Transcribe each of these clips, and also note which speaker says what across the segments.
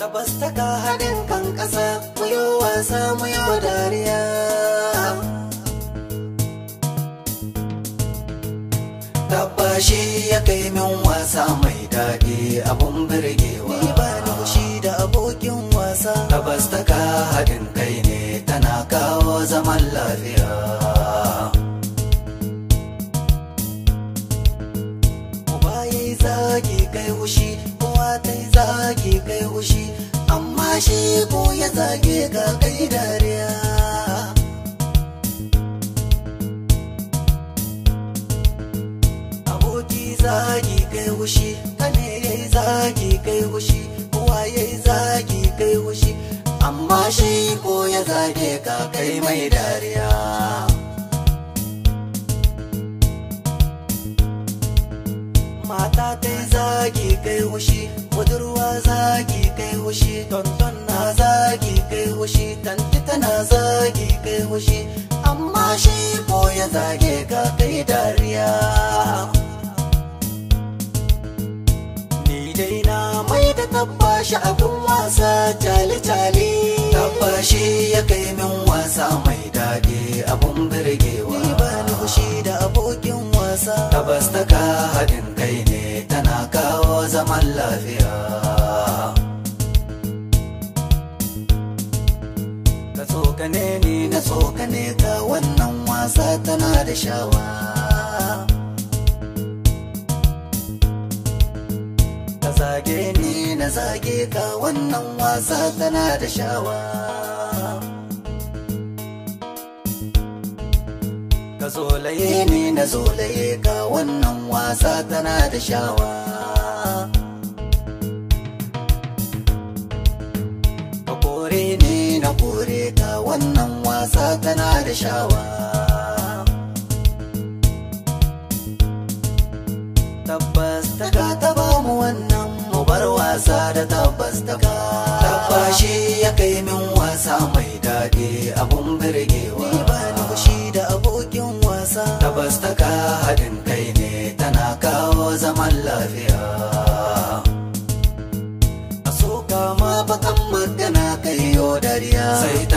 Speaker 1: tabbas ta ka haɗin kan ƙasa mu yi wasa mu yi dariya Tabbashi ya kai min wasa mai daɗi abun birgewa Ni ba ni shi da abokin wasa Tabbas ta ka haɗin kai ne tana kawo zaman lafiya Mu ya yi zagi kai hushi shi ko ya zage ga kai dariya aboki zagi kai wushi kane yayi zagi kai wushi kowa yayi zagi kai wushi amma shi ko ya zage ka kai mai dariya mata ta yi zagi kai wushi budurwa zagi kai hushi tonton na zagi kai hushi tanti tana zagi kai hushi amma shi ko ya zage ka kai dariya ni dai na mai da tabbashi abin wasa tali-tali tabbashi ya kai min wasa mai daɗi abun birgewa ni ba ni hushi da abokin wasa tabbas ta lafiya ka tsokane ni na tsokane wannan wasa tana da shawa ka zage ni na zage ka wannan wasa tana da shawa ka zolaye ni na zolaye ka wannan wasa tana da shawa wannan wasa tana da shawa tabbas ta bamu ta ba mu wannan mu bar wasa da tabbas ta ka tabbashi ya kai min wasa mai daɗi abun birgewa ni ba ni kushi da abokin wasa tabbas ta ka haɗin kai ne tana kawo zaman lafiya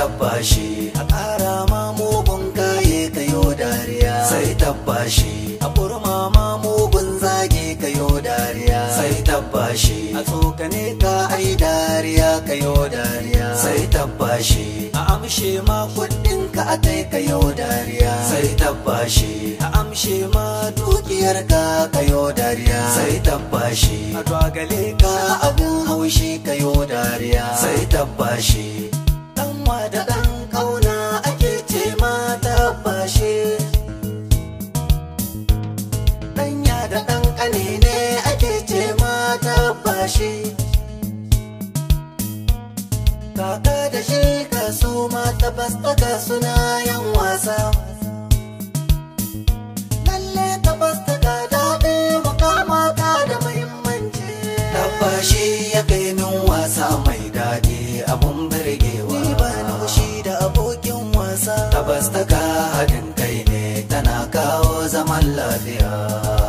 Speaker 1: tabbashi a ƙara ma mugun kaye kayo dariya sai tabbashi a burma ma mugun zage kayo dariya sai tabbashi a tsokane ka ai dariya kayo dariya sai tabbashi a amshe ma kudin ka a kai kayo dariya sai tabbashi a amshe ma dukiyar ka kayo dariya sai tabbashi a dogale ka abin haushi kayo dariya sai tabbashi kanwa da ɗan ƙauna ake ce mata bashe ɗanya da ɗan ƙane ne ake ce mata bashe kaka da shi kasu mata bastaka suna yan wasa lalle ta bastaka daɗe mukamata da muhimmanci tabbashi Tabbas ta ka haɗin kai ne tana kawo zaman lafiya.